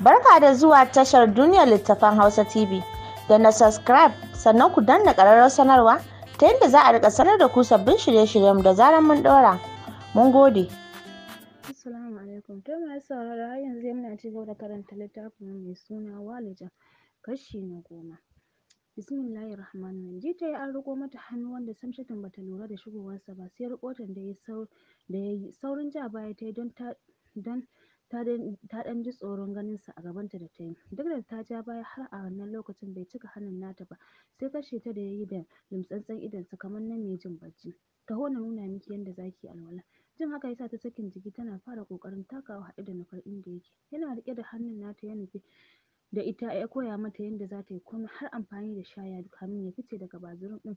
Barka da zuwa tashar duniyar littafan Hausa TV da na subscribe sannan ku danna ƙararrar sanarwa ta yadda za a rika sanar da ku sabbin shirye-shiryen da zarar mun ɗora. Mun gode. Assalamu alaikum. To mai sauraro har yanzu yana ci gaba da karanta littafin mai suna Walija kashi na goma. Bismillahir Rahmanir Rahim. Jita ya an riko mata hannu wanda Samshatin bata lura da shigowarsa ba sai rikotan da ya yi saurin ja baya ta yi don ta don ta ɗan ji tsoron sa a gabanta da ta yi. Duk da ta ja baya har a wannan lokacin bai cika hannun nata ba, sai kashe ta da yayi yi da lumtsattsen idonsa kamar na mai jin bacci. ta hona nuna miki yadda za ki yi alwala. Jin haka ya sa ta sakin jiki tana fara kokarin takawa haɗe da nufar inda yake. Yana riƙe da hannun nata ya nufi da ita ya koya mata yadda za ta yi komai har amfani da shaya kamin ya fice daga bazirin ɗin.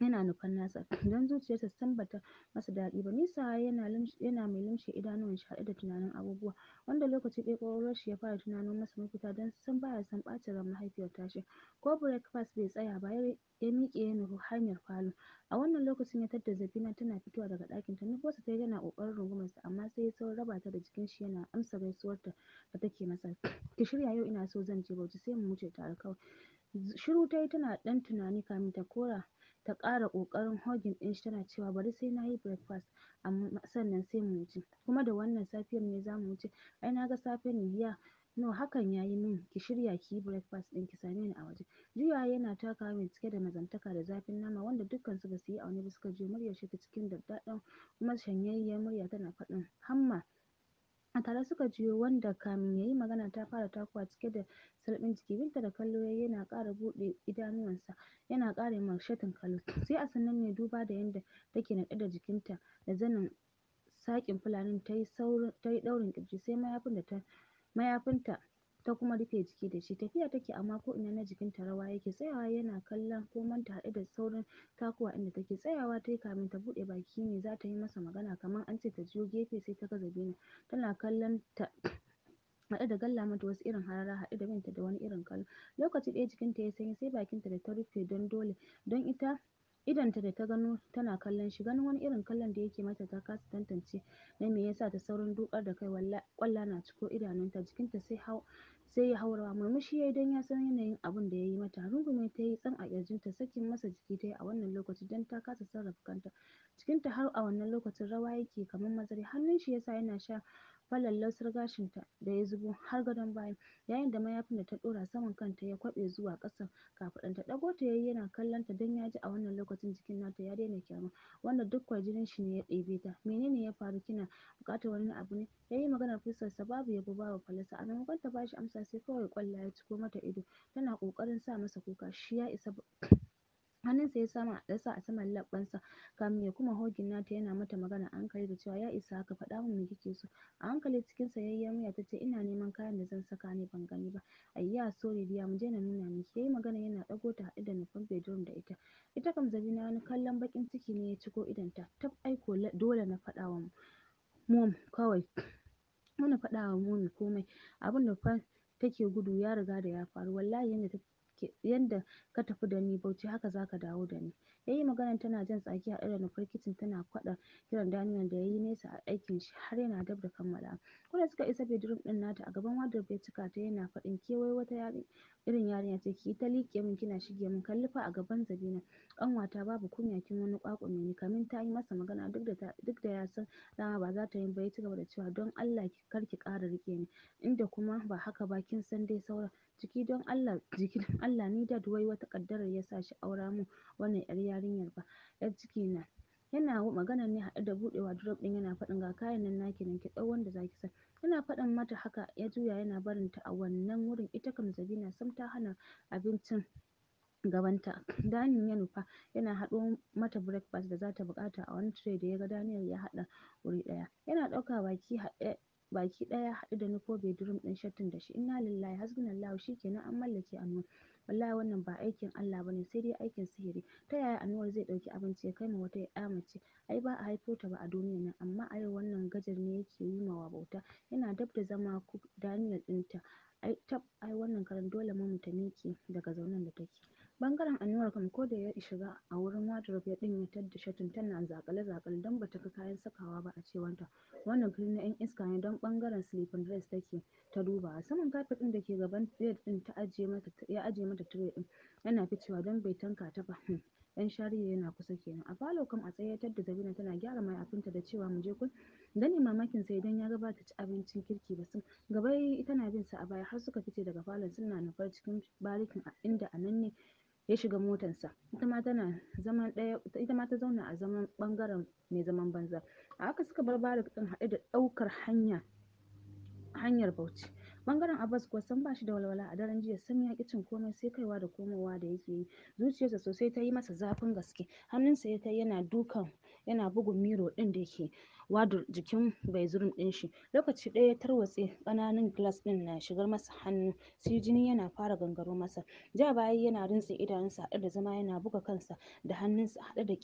yana nufan nasa don zuciyarsa ta tambata masa daɗi ba nisa yana yana mai lumshe shi haɗe da tunanin abubuwa wanda lokaci ɗaya shi ya fara tunanin masa mafita don san baya son ɓacin ran mahaifiyar tashi ko breakfast bai tsaya ba ya miƙe ya nufi hanyar falo a wannan lokacin ya tadda Zabina tana fitowa daga ɗakinta nufarsa tayi tana ƙoƙarin sa amma sai ya saurin raba ta da shi yana amsa gaisuwarta da take masa ki shirya yau ina so zan je Bauchi sai mu wuce tare kawai shiru tayi tana ɗan tunani kamin ta kora ta ƙara ƙoƙarin ɗin shi tana cewa bari sai nayi breakfast amma sannan sai mu wuce kuma da wannan safiyar ne zamu wuce ai naga safe ne ya no hakan yayi min ki shirya kiyi breakfast ɗin ki same ni a waje juyawa yana takawa mai cike da mazantaka da zafin nama wanda dukkan su yi wani ba suka juyo muryar shi ta cikin daddaɗan kuma shanyayyiyar murya tana faɗin hamma a tare suka jiyo wanda kamin yayi magana ta fara takuwa cike da salɓin jiki binta da kallo yayi yana ƙara buɗe idanuwansa yana ƙara ma shatin kallo sai a sannan duba da yanda take naɗe da jikinta da zanin saƙin fulanin tayi saurin tayi ɗaurin ƙirji sai mayafin da ta mayafinta ta kuma rufe jiki da shi tafiya take amma ko ina na jikinta rawa yake tsayawa yana kallon komanta ta haɗe da sauran takuwa inda take tsayawa tayi kamin ta buɗe baki ne za ta yi masa magana kamar an ce ta juyo gefe sai ta gaza daina tana kallon ta haɗe da galla mata wasu irin harara haɗe da binta da wani irin kallo lokaci ɗaya jikinta ya sanyi sai bakinta da ta rufe don dole don ita idonta da ta gano tana kallon shi ganin wani irin kallon da yake mata ta kasa tantance na me yasa ta saurin dukar da kai ƙwalla na ciko idanunta jikinta sai hau sai ya haura murmushi yayi dan ya san yanayin abun da yayi mata rungume yi tsan a kirjinta sakin masa jiki ta yi a wannan lokaci don ta kasa sarrafa kanta jikinta har a wannan lokacin rawa yake kamar mazari hannun shi yasa yana sha falon lausar gashinta da ya zubo har gadon bayan yayin da mayafin da ta ɗora saman kanta ya kwaɓe zuwa ƙasan kafaɗarta. Ɗago ta yayi yana kallonta don ya ji a wannan lokacin jikin nata ya daina ƙyama, wanda duk jinin shi ne ya ɗebe ta. "Menene ya faru? Kina buƙatar wani abu ne?" yayi maganar sa babu yabo babu fallasa. A maimakon ta bashi amsa sai kawai ƙwallaye ya ciko mata ido, tana ƙoƙarin sa masa kuka. Shi ya isa. hannunsa ya sama ya sa a saman labbansa kamin ya kuma hogin nata yana mata magana a hankali da cewa ya isa haka faɗa min me kike so a hankali cikin miya ta ce ina neman kayan da zan saka ne ban gani ba ayya sorry dear mu je na nuna miki yayi magana yana ɗago ta haɗu da nufin bedroom da ita ita kam Zabina wani kallon baƙin ciki ne ya ciko idonta tab ai ko dole na faɗa wa mom kawai na faɗa wa mommy komai da fa take gudu ya riga da ya faru wallahi yanda yanda ka tafi da ni Bauchi haka zaka dawo da ni. Yayi maganar tana jan tsaki a da nufar tana kwaɗa kiran Daniel da yayi nesa a aikin shi har yana dab da kammala. Ko da suka isa bedroom ɗin nata a gaban wardrobe bai cika ta yana faɗin ke wai wata irin yarinya ce yi ta liƙe min kina shige min kalli a gaban Zabina ƙanwata babu kunya kin wani ƙwaƙume ni kamin ta yi masa magana duk da ta duk da ya san dama ba ta yi ba ya cigaba da cewa don Allah kar ki ƙara riƙe ni inda kuma ba haka ba kin san dai sauran jiki don Allah jiki Allah ni dad wai wata ƙaddarar sa shi aura mun wannan ƴar yarinyar ba yar ciki na yana maganar ne haɗe da buɗe drop ɗin yana faɗin ga kayan nan naki nan ki ɗau wanda zaki san. yana faɗin mata haka ya juya yana barin ta a wannan wurin ita kam Zabina sam ta hana abincin gabanta Daniel ya nufa yana haɗo mata breakfast da zata buƙata a wani tray da yaga Daniel ya haɗa wuri ɗaya yana ɗauka baki haɗe baki ɗaya haɗu da nufo bedroom ɗin shattin da shi inna lillahi hasbunallahu shikenan an mallake Anwar wallahi wannan ba aikin Allah bane sai dai aikin sihiri ta yaya Anwar zai ɗauki abinci ya kai ma wata ƴa mace ai ba a haifo ta ba a duniyan nan amma a yau wannan gajar ne yake yi ma bauta yana dab da zama Daniel ɗinta ai tab ai wannan karan dole ma mu ta miƙe daga zaunan da take Ɓangaren Anwar kam ko da ya shiga a wurin wardrobe ya ɗin ya tadda shatin tana zaƙale-zaƙale don ba ta ga kayan sakawa ba a cewa wannan fili na 'yan iska ne don ɓangaren sleeping dress take ta dubawa, saman kafet ɗin da ke gaban bed ɗin ya ajiye mata tire ɗin, yana ficewa don bai tanka ta ba, ɗan hmm, shariya yana kusa kenan. A falo kam a tsaye ya tadda Zabina tana gyara mayafinta da cewa mu je kun? mamakin sa idan ya ga ci abincin kirki ba sun gaba tana bin sa a baya har suka fice daga falon suna nufar cikin barikin inda a nan ne ya shiga motarsa itama tana zaman ɗaya ma ta zauna a zaman ɓangaren mai zaman banza a haka suka bar bada ɗin haɗe da ɗaukar hanya hanyar Bauchi ɓangaren Abbas kuwa san bashi da walwala a daren jiya sam ya cin komai sai kaiwa da komowa da yake yi zuciyarsa sosai tayi masa zafin gaske hannunsa ya ta yana dukan yana bugun miro ɗin da yake wadur jikin baizurum ɗin shi lokaci ɗaya ya tarwatse ƙananun glass ɗin na shigar masa hannu sai jini yana fara gangaro masa ja baya yana rintse idanunsa haɗe da zama yana buga kansa da hannunsa haɗe da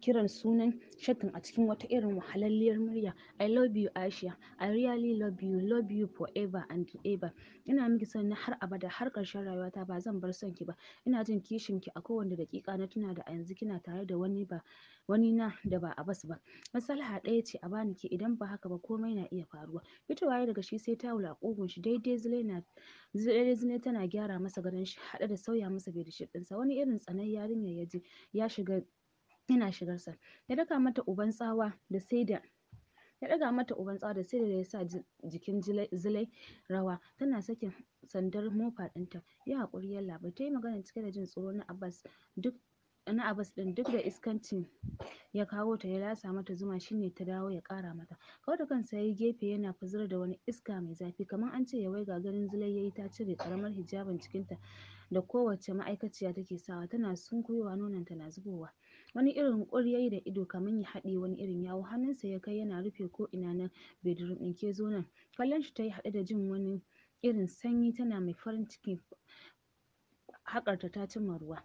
kiran sunan shatin a cikin wata irin wahalalliyar murya I love you Aisha I really love you love you forever and ever ina miki son har abada har ƙarshen rayuwata ba zan bar son ki ba ina jin kishin ki a kowane daƙiƙa na tuna da a yanzu kina tare da wani ba wani na da ba a bas ba matsala ɗaya ce ce a bani ke idan ba haka ba komai na iya faruwa fitowa ya daga shi sai tawul a ƙugun shi daidai zile na zile tana gyara masa gadon shi haɗe da sauya masa bedsheet ɗinsa wani irin tsanan yarinyar ya ji ya shiga yana shigar sa ya daka mata uban tsawa da sai ya ɗaga mata uban tsawa da sai da ya sa jikin zilai rawa tana sakin sandar mofa ɗinta Ya haƙuri ta tayi magana cike da jin tsoro na Abbas duk na Abbas ɗin duk da iskancin ya kawo ta ya lasa mata zuma shine ta dawo ya kara mata. kawai da kansa yayi gefe yana fuzar da wani iska mai zafi kamar an ce ya waiga ganin Zulai yayi ta cire karamar hijabin cikinta da kowace ma'aikaciya take sawa tana sunkuyowa ta na zubowa. Wani irin ƙuryayi da ido kamar ya haɗiye wani irin yawu sa ya kai yana rufe ko ina na bedroom ɗin ke zo nan. Kallon shi ta yi haɗe da jin wani irin sanyi tana mai farin ciki haƙarta ta cimma ruwa.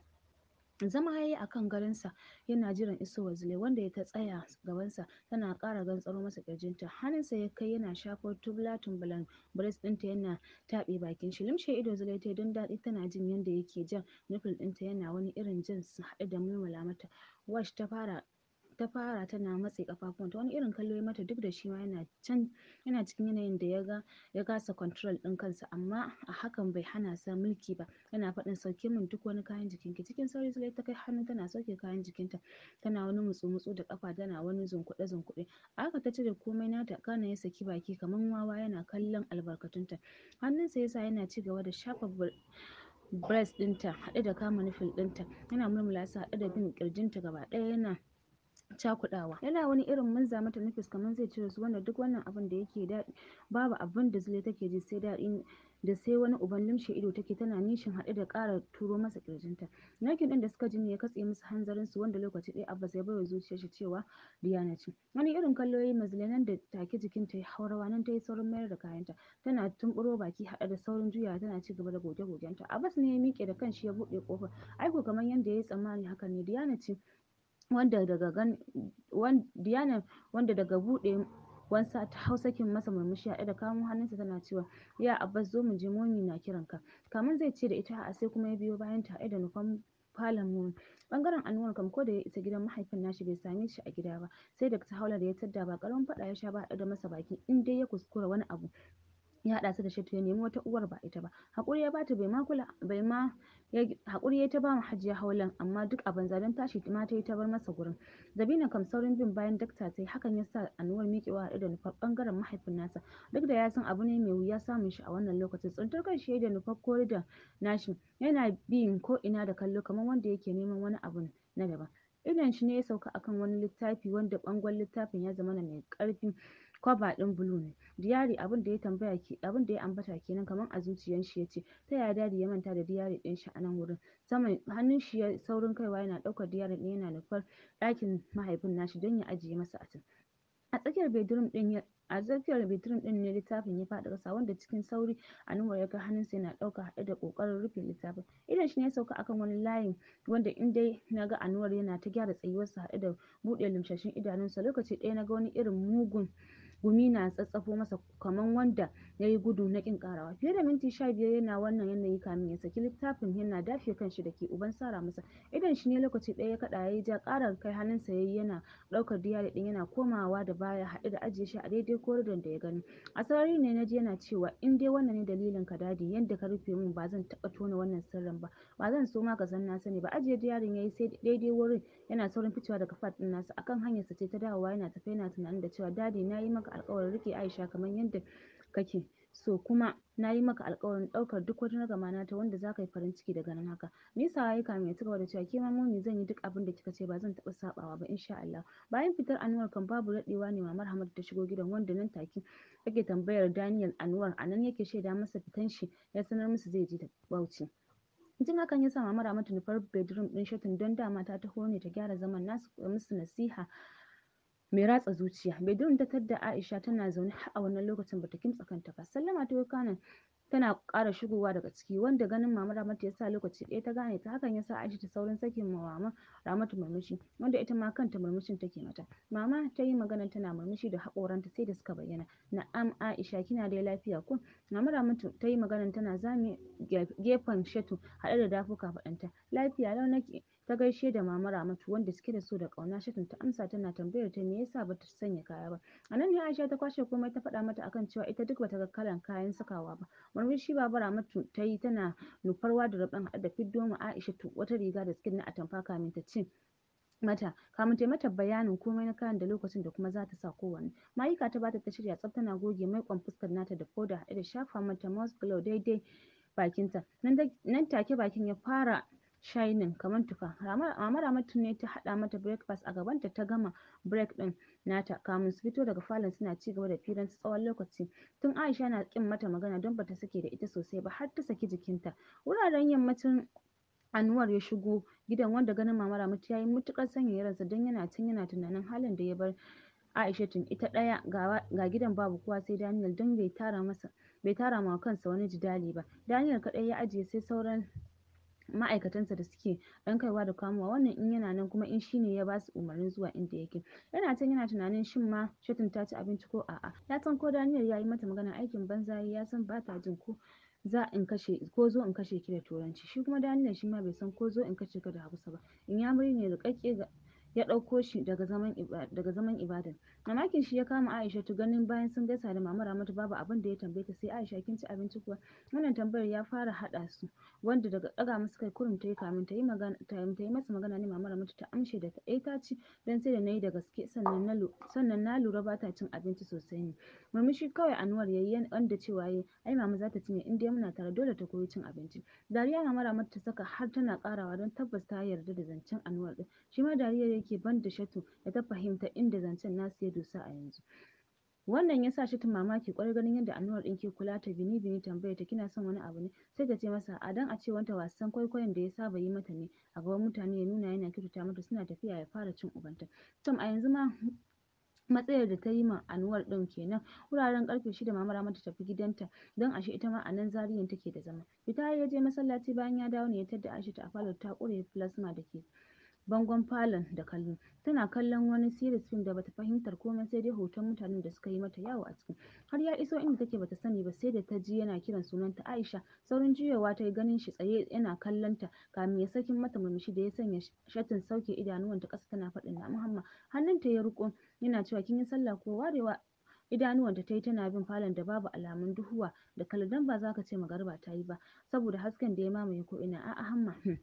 Zama ya yi a kan gadonsa yana jiran isowar zule wanda ta tsaya gabansa tana ƙara gantsaro masa ƙirjinta. Hannunsa ya kai yana shafar tubula-tumbulan bires ɗinta yana taɓe bakin shi. Limshe ido zule ta yi don daɗi tana jin yadda yake jan nipple ɗinta yana wani irin jan su haɗe da mulmula mata. Wash ta fara ta fara tana matse ta wani irin kallo ya mata duk da shi ma yana can yana cikin yanayin da ya ga ya kasa control ɗin kansa amma a hakan bai hana sa mulki ba yana faɗin sauke min duk wani kayan jikin ki cikin sauri sai ta kai hannu tana sauke kayan jikinta tana wani mutsu-mutsu da kafa tana wani zunkuɗe-zunkuɗe a haka ta cire komai nata kana ya saki baki kaman wawa yana kallon albarkatunta hannunsa yasa yana ci gaba da shafa breast dinta haɗe da kama nufin ɗinta yana mulmula su haɗe da bin ƙirjinta gaba ɗaya yana cakudawa yana wani irin murza mata noodles kamar zai cire su wanda duk wannan abun da yake daɗi babu abun da Zulai take ji sai daɗin da sai wani uban lumshe ido take tana nishin haɗe da ƙara turo masa ƙirjinta nakin ɗin da suka ji ne ya katse musu hanzarin su wanda lokaci ɗaya Abbas ya baiwa zuciyar shi cewa diyana ce wani irin kallo yayi ma nan da take jikin ta ya hau rawa nan tayi saurin mayar da kayanta tana tumburo baki haɗe da saurin juya tana ci gaba da goge gogenta Abbas ne ya miƙe da kanshi ya buɗe ƙofar aiko kamar yanda yayi tsammani haka ne diyana ce wanda daga gan wan wanda daga buɗe wansa ta hau sakin masa murmushi haɗe da kamo hannunsa tana cewa ya Abbas zo mu je momi na kiranka kamin zai ce da ita a'a sai kuma ya biyo ta haɗe da nufan falon momi ɓangaren anuwar kam ko da ya isa gidan mahaifin nashi bai same shi a gida ba sai da ta da ya tadda ba ƙaramin faɗa ya sha ba haɗe da masa baki in dai ya kuskura wani abu ya haɗa su da shi to ya nemi wata uwar ba ita ba haƙuri ya bata bai ma kula bai ma haƙuri ya ta ba hajiya haulan amma duk a banza don tashi ma ta yi ta bar masa gurin zabina kam saurin bin bayan dakta ta yi hakan ya sa anuwar miƙewa a da nufar bangaren mahaifin nasa duk da ya san abu ne mai wuya samun shi a wannan lokacin tsuntar kan shi ya da nufar da nashi yana bin ko ina da kallo kamar wanda yake neman wani abu na daban idon shi ne ya sauka akan wani littafi wanda bangon littafin ya zamana mai ƙarfi Kwaba din bulu ne. Diyari abinda ya tambaya abinda ya ambata kenan kamar a zuciyar shi yace ta yaya Dadi ya manta da diyari ɗin shi a nan wurin. Saman hannun shi ya saurin kaiwa yana ɗaukar diyari din yana nufar ɗakin mahaifin nashi don ya ajiye masa a can. A tsakiyar bedroom ɗin ya a tsakiyar bedroom ɗin ne littafin ya faɗi ƙasa wanda cikin sauri anuwar ya ga hannunsa yana dauka haɗe da ƙoƙarin rufe littafin. idan shi ne ya sauka akan wani layin wanda in dai na ga Anuwar yana ta gyara tsayuwarsa haɗe da buɗe idanun idanunsa lokaci na ga wani irin mugun gumi na tsatsafo masa kaman wanda yayi gudu na ƙin ƙarawa fiye da minti sha biyar yana wannan yanayi kamin ya saki littafin yana dafe kanshi da ke uban sara masa idon shi ne lokaci ɗaya ya kaɗa yayi ja ƙarar kai hannunsa yayi yana ɗaukar diyari ɗin yana komawa da baya haɗe da ajiye shi a daidai koridon da ya gani a sarari ne na ji yana cewa in dai wannan ne dalilin ka dadi yadda ka rufe min ba zan taɓa tona wannan sirrin ba ba zan so ma ka san na sani ba ajiye diyarin yayi sai daidai wurin yana saurin ficewa daga fat ɗin nasa akan hanyarsa ce ta dawowa yana tafe yana tunanin da cewa dadi na yi maka maka alƙawarin riƙe Aisha kamar yadda kake so kuma na yi maka alƙawarin ɗaukar duk wata ragamana ta wanda za ka yi farin ciki da ganin haka. Misawa ya kame ya cigaba da cewa ke ma zan yi duk abin da kika ce ba zan taɓa saɓawa ba insha Allah. Bayan fitar Anwar kan babu daɗewa ne mamar Hamad ta shigo gidan wanda nan take take tambayar Daniel Anwar a nan yake shaida masa fitan shi ya sanar musu zai je Bauchi. jin hakan ya sa mamar Ramatu nufar bedroom ɗin shatin don dama ta taho ne ta gyara zaman nasu musu nasiha mai ratsa zuciya Bedouin ta tadda Aisha tana zaune har a wannan lokacin bata kimtsa kanta ba sallama ta tana ƙara shigowa daga ciki wanda ganin maman Ramatu yasa lokaci ɗaya ta gane ta hakan ya sa Aisha ta saurin sakin ma Ramatu murmushi wanda ita ma kanta murmushin take mata mama ta yi magana tana murmushi da haƙoranta sai da suka bayyana na'am Aisha kina da lafiya ko mama Ramatu ta yi magana tana zame gefen Shatu haɗe da dafuka faɗanta lafiya lau nake ta gaishe da mama Ramatu wanda suke da so da ƙauna Shatan ta amsa tana tambayar ta me yasa bata sanya kaya ba a nan ne Aisha ta kwashe komai ta faɗa mata akan cewa ita duk bata ga kalan kayan sakawa ba murmushi baba Ramatu tayi yi tana nufar wadirobin haɗe da fiddo ma Aisha wata riga da siket na atamfa kamin ta ce mata kamun ta mata bayanin komai na kayan da lokacin da kuma zata sa kowanne mayika ta bata ta shirya tsaf tana goge maiƙon fuskar nata da powder haɗe da shafa mata mouth glow daidai bakinta nan take bakin ya fara shining kamar tufa. Mama Ramatu ne ta haɗa mata breakfast a gabanta ta gama break ɗin nata kamin su fito daga falon suna ci gaba da firan tsawon lokaci. Tun Aisha na ƙin mata magana don bata sake da ita sosai ba har ta saki jikinta. Wuraren yammacin anuwar ya shigo gidan wanda ganin Mama Ramatu ya yi matuƙar sanyaya ransa don yana tun yana tunanin halin da ya bar aisha tun ita ɗaya ga gidan babu kowa sai Daniel don bai tara masa bai tara ma kansa wani jidali ba. Daniel kaɗai ya ajiye sai sauran ma'aikatansa da suke don kaiwa da kamowa wannan in yana nan kuma in shi ne ya ba su umarnin zuwa inda yake yana can yana tunanin shin ma Shetty ta ci abinci ko a'a ya san ko Daniel yi mata magana aikin banza ya san ba ta jin ko za in kashe ko zo in kashe ki da turanci shi kuma Daniel shi ma bai san ko zo in kashe ka da Hausa ba in ya inyamuri ne riƙaƙƙe ya ɗauko shi daga zaman daga zaman ibadan mamakin shi ya kama aisha tu ganin bayan sun gaisa da mama Ramatu babu abin da ya tambaye ta sai Aisha kin ci abinci kuwa wannan tambayar ya fara hada su wanda daga ɗaga musu kai kurum tayi kamin tayi magana tayi masa magana ne mama Ramatu ta amshe da ta eh, ta ci dan sai da nayi da gaske sannan na sannan na lura bata cin abinci sosai ne murmushi kawai Anwar yayi wanda cewa yayi ai mama zata ci ne in dai muna tare dole ta koyi cin abinci dariya mama Ramatu ta saka har tana karawa don tabbas ta yarda da zancen Anwar din shi ma dariya yake da Shatu ya ta fahimta inda zancen nasu ya dosa a yanzu. Wannan ya sa Shatu mamaki ƙwarai ganin yadda Anwar ɗin ke kula ta bini-bini tambayar ta kina son wani abu ne sai ta ce masa a dan a ce wanta wasan kwaikwayon da ya saba yi mata ne a gaban mutane ya nuna yana kyautata mata suna tafiya ya fara cin ubanta. Tom a yanzu ma matsayar da ta yi ma anuwar ɗin kenan wuraren ƙarfe shida mama Ramatu ta tafi gidanta don ashe ita ma a nan Zariyan take da zama. Fita ya je masallaci bayan ya dawo ne ya tadda ta a falo ta ƙure plasma da ke bangon falon da kallo tana kallon wani series film da bata fahimtar komai sai dai hoton mutanen da suka yi mata yawo a ciki har ya iso inda take bata sani ba sai da ta ji yana kiran sunanta Aisha saurin juyowa yi ganin shi tsaye yana kallon ta kamin ya sakin mata murmushi da ya sanya shatin sauke idanuwanta ƙasa tana faɗin na Muhammad hannunta ya riko yana cewa kin yi sallah ko warewa Idanuwanta tayi tana bin falon da babu alamun duhuwa da kallo dan ba zaka ce magariba tayi ba saboda hasken da ya mamaye ina A'a Hamma, hmm.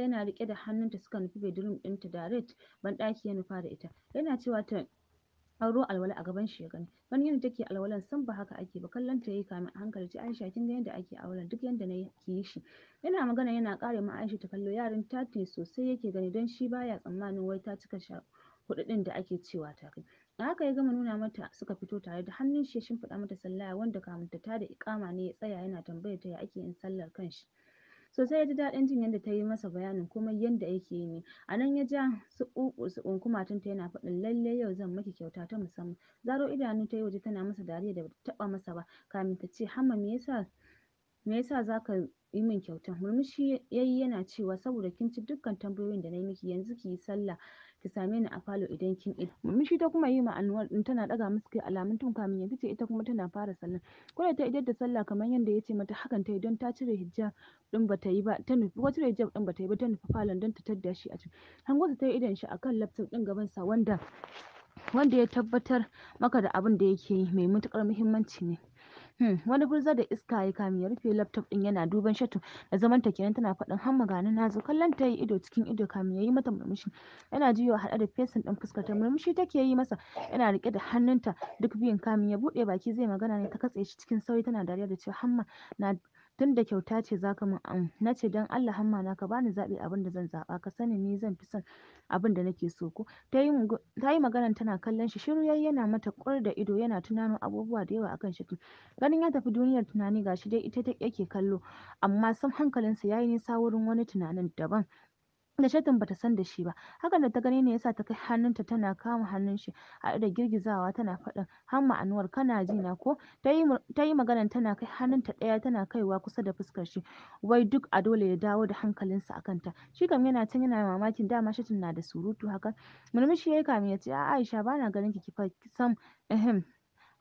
yana rike da hannunta suka nufi bedroom dinta direct banɗaki ya nufa da ita, yana cewa ta auro alwala a gaban shi ya gani. wani yadda take alwalan san ba haka ake ba, kallonta yayi kamin a hankali ce Aisha kin ga yadda ake alwalan duk yadda nayi yi shi. Yana magana yana kare ma Aisha ta kallo, yaran ta ne sosai yake gani don shi baya tsammanin wai ta cika ɗin da ake cewa ta kai. Da haka ya gama nuna mata suka fito tare da hannun shi ya shimfiɗa mata sallaya wanda kafin ta tada iƙama ne ya tsaya yana tambayar ta ya ake yin sallar kanshi. Sosai ya ji daɗin jin yadda ta yi masa bayanin kuma yadda yake yi ne. A nan ya ja suƙuƙu suƙun kumatunta yana faɗin lalle yau zan maki kyauta ta musamman. Zaro idanu ta yi waje tana masa dariya da bata taɓa masa ba kamin ta ce Hamma me yasa me yasa za yi min kyauta Murmushi ya yi yana cewa saboda kin ci dukkan tambayoyin da na yi miki yanzu ki yi sallah ki same ni a falo idan kin idar. Murmushi ta kuma yi ma in tana daga masa kai alamun tun kamin ya fice ita kuma tana fara sallah. Ko ta idar da sallah kamar yadda ya ce mata hakan ta yi don ta cire hijab ɗin ba ta yi ba ta nufi ko cire hijab ɗin ba ta yi ba ta nufi falon don ta tadda shi a ciki. Hangonsa ta yi idon shi akan laptop ɗin gabansa wanda wanda ya tabbatar maka da abin da yake yi mai matuƙar muhimmanci ne. Hmm, wani gurza da iska ya kame ya rufe laptop din yana duban shatu da zaman ta kenan tana faɗin hamma ganin na zo kallon ta yi ido cikin ido kame yi mata murmushi yana jiyo haɗe da fesin ɗin fuskar ta murmushi take yi masa yana riƙe da hannunta duk biyun kame ya buɗe baki zai magana ne ta katse shi cikin sauri tana dariya da cewa hamma na tunda kyauta ce zaka min am na ce Allah hamma na ka bani zaɓi abin da zan zaɓa ka sani ni zan fi son abin da nake so ko tayi tayi maganan tana kallon shi shiru yayi yana mata kwar da ido yana tunano abubuwa da yawa akan shi ganin ya tafi duniyar tunani gashi dai ita yake kallo amma sam hankalinsa yayi nisa wurin wani tunanin daban da Shetty bata san da shi ba. Hakan da ta gani ne yasa ta kai hannunta tana kama hannun shi a da girgizawa tana faɗin "Hamma ma'anuwar kana ji na ko?" ta yi maganar tana kai hannunta ɗaya tana kaiwa kusa da fuskar shi wai duk a dole ya dawo da hankalinsa a kanta shi kam yana can yana mamakin dama shatin na da surutu haka murmushi yayi kafin ya ce "a'a Aisha bana ganin ki sam ehem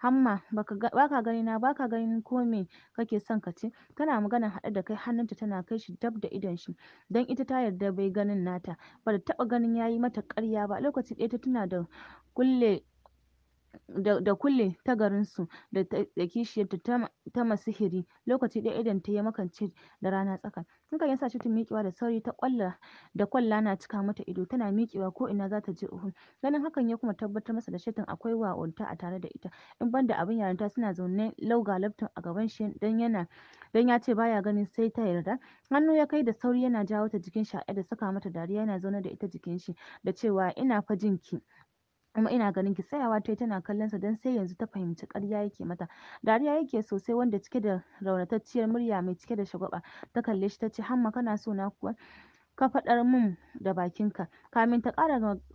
hamma baka ganina baka ganin ko me kake son ka ci tana magana haɗe da kai hannunta tana kai shi dab da idon shi don ita ta yarda bai ganin nata bata taɓa ganin yayi mata ƙarya ba lokaci ɗaya ta tuna da kulle da kulle ta garinsu da kishiyar ta masihiri, lokaci ɗaya ta ya makance da rana tsaka. kan ya sa ta miƙewa da sauri da ƙwalla na cika mata ido, tana miƙewa ko za ta je Uhud. Ganin hakan ya kuma tabbatar masa da Shatu akwai wawanta a tare da ita, in banda da abin yarinta suna zaune lau ga a gaban shi don ya ce ba ya ganin sai ta yarda. Hannu ya kai da sauri yana jawo ta jikin shi haɗe da saka mata dariya yana zaunar da ita jikin shi da cewa ina fa jin ki. kuma ina ganin ki tsayawa tayi tana kallon sa dan sai yanzu ta fahimci ƙarya yake mata dariya yake sosai wanda cike da raunatacciyar murya mai cike da shagwaɓa ta kalle shi tace hamma kana so na kuwa ka faɗar min da ka kamin ta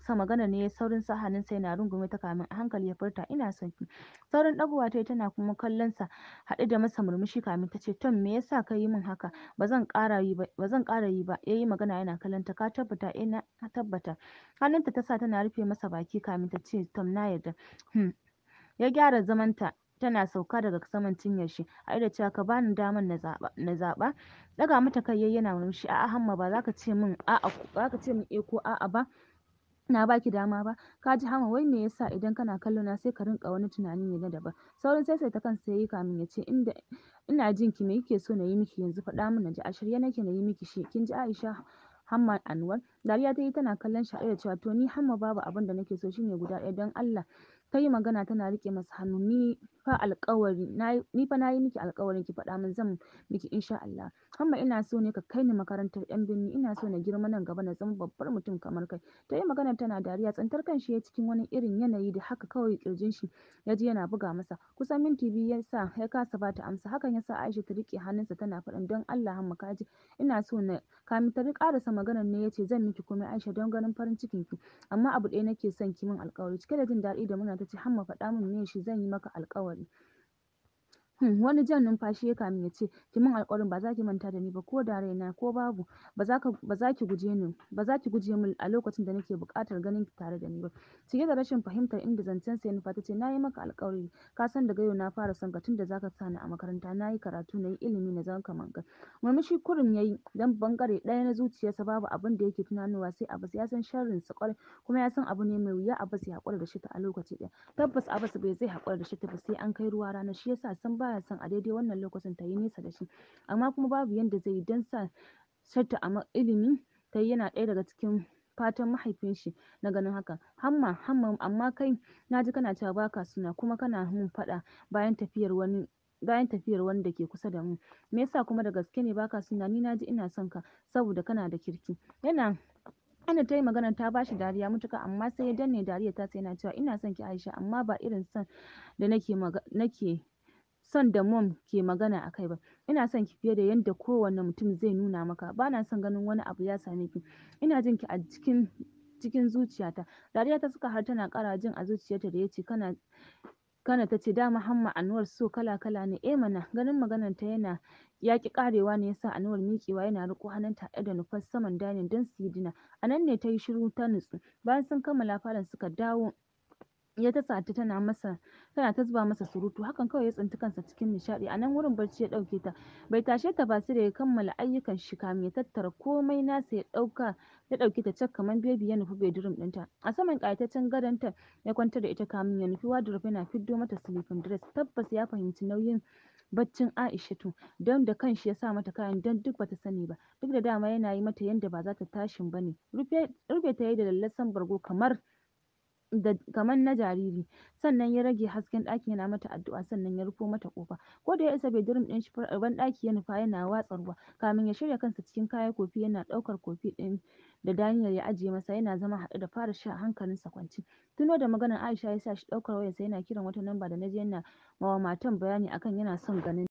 sa magana ne saurin sa sa yana rungume ta kamin a hankali ya furta ina son ki saurin ɗagowa ta tana kuma kallon sa haɗe da masa murmushi kamin ta ce tom me yasa ka yi min haka ba zan ƙara yi ba ba ƙara yi ba yayi magana yana kallon ta ka tabbata "Ina eh, ka tabbata hannunta ta sa tana rufe masa baki kamin ta ce tom na yarda hmm ya gyara zamanta tana sauka daga saman cinyar shi, a da cewa “ka bani daman na zaɓa, na zaɓa.” Ɗaga mata kai yayi yana murmushi, “A'a Hamma ba za ce min a'a, ba ce min eh ko a'a ba, na baki dama ba. Ka ji Hamma wai me yasa idan kana kallo na sai ka rinka wani tunani ne na daban?” Saurin ta kansa ya yi kamin ya ce, “Inda ina jin ki, me kike so na yi miki yanzu? Faɗa min naji ji, a shirye nake na yi miki shi, kin ji Aisha?” Hamma Anwar dariya ta yi tana kallon shi a cewa “to ni Hamma babu abin da nake so shine guda ɗaya, don Allah ta yi magana” tana rike masa hannu, “ni.” fa alƙawari ni fa nayi miki alƙawarin ki faɗa min zan miki insha Allah Hamma ina so ne ka kai ni makarantar ƴan birni ina so na girma nan gaba na zama babbar mutum kamar kai Ta tayi maganar tana dariya tsintar kanshi ya cikin wani irin yanayi da haka kawai ƙirjin shi ya ji yana buga masa kusan minti biyu ya sa ya kasa bata amsa hakan yasa Aisha ta riƙe hannunsa tana faɗin don Allah Hamma kaji ina so na kamin ta ƙarasa maganar ne yace zan miki komai Aisha don ganin farin cikin ki amma abu ɗaya nake son ki min alƙawari cike da jin daɗi da murna tace Hamma faɗa min shi zan yi maka alƙawari one Hmm, wani jan numfashi ya kame kamin ya ce, "Ki min alƙawarin ba za ki manta da ni ba ko da raina ko babu, ba za ki guje ni, ba za guje min a lokacin da nake buƙatar ganin ki tare da ni ba." Cike da rashin fahimtar inda zancen ya nufa, ta ce, "Na yi maka alƙawari, ka san daga yau na fara son ka tun da zaka ka sa a makaranta, na yi karatu, na yi ilimi, na zama kamar kai." Murmushi kurum ya yi, don bangare ɗaya na zuciyarsa babu abin da yake tunanowa sai Abbas, ya san sharrinsa ƙwarai kuma ya san abu ne mai wuya Abbas ya haƙura da shi a lokaci ɗaya. Tabbas Abbas bai zai haƙura da shi ba sai an kai ruwa rana, shi yasa sa ba baya son a daidai wannan lokacin ta yi nesa da shi amma kuma babu yadda zai yi don sa sarta a ilimi tayi yana ɗaya daga cikin fatan mahaifin shi na ganin haka Hamma Hamma amma kai na ji kana cewa baka suna kuma kana mun faɗa bayan tafiyar wani bayan tafiyar wanda ke kusa da mu me yasa kuma da gaske ne baka suna ni na ji ina son ka saboda kana da kirki yana ana ta yi magana ta bashi dariya matuka amma sai ya danne dariyar sai yana cewa ina son ki Aisha amma ba irin son da nake nake son da mom ke magana a kai ba. Ina son ki fiye da yadda kowane mutum zai nuna maka. Ba na son ganin wani abu ya same ki. Ina jin ki a cikin, cikin zuciyata. Dariya ta suka har tana ƙara jin a zuciyarta da ya ce kana, kana ta ce dama hamma Anwar so kala kala ne. Eh mana ganin maganarta yana ya ƙi ƙarewa ne ya sa Anwar miƙewa yana riƙo hannunta haɗe da nufar saman dining don su yi dina. A nan ne ta yi shiru ta nutsu. Bayan sun kammala falon suka dawo. Ya ta tana masa, tana ta zuba masa surutu. Hakan kawai ya tsinci kansa cikin nishaɗi. A nan wurin barci ya ɗauke ta. Bai tashe ta ba sai da ya kammala ayyukan shi kamin ya tattara komai nasa ya ɗauka, ya ɗauke ta cak kamar bebi ya nufi bedroom ɗinta. A saman ƙayataccen ta ya kwantar da ita kamin ya nufi wardrobe yana fiddo mata sleeping dress. Tabbas ya fahimci nauyin baccin Aishatu don da kanshi ya sa mata kayan don duk bata sani ba. Duk da dama yana yi mata yanda ba za ta tashin ba ne. Rufe, rufe ta yayi da lallasan bargo kamar da kaman na jariri sannan ya rage hasken ɗaki yana mata addu'a sannan ya rufo mata ƙofa ko da ya isa bai bedroom ɗin shi eh, banɗaki ya nufa yana watsa ruwa kamin ya shirya kansa cikin kaya kofi yana ɗaukar kofi ɗin da Daniel ya ajiye masa yana zama haɗe da fara sha hankalinsa kwance tuno da maganar Aisha ya sa shi ɗaukar wayarsa yana kiran wata lamba da na ji yana ma matan bayani akan yana son ganin.